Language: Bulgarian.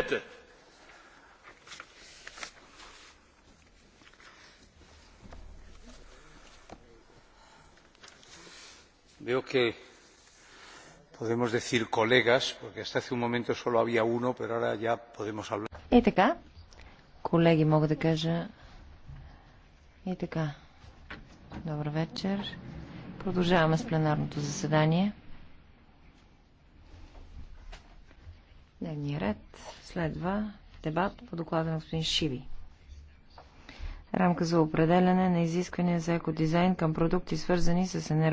Bitte. Veo que podemos decir colegas, porque hasta hace un momento solo había uno, pero ahora ya podemos hablar. Y така, колеги мога да кажа. И така, добър вечер. Продължаваме с пленарното заседание. Дневния ред. Следва дебат по доклада на господин Шиви. Рамка за определяне на изисквания за екодизайн към продукти, свързани с енергия.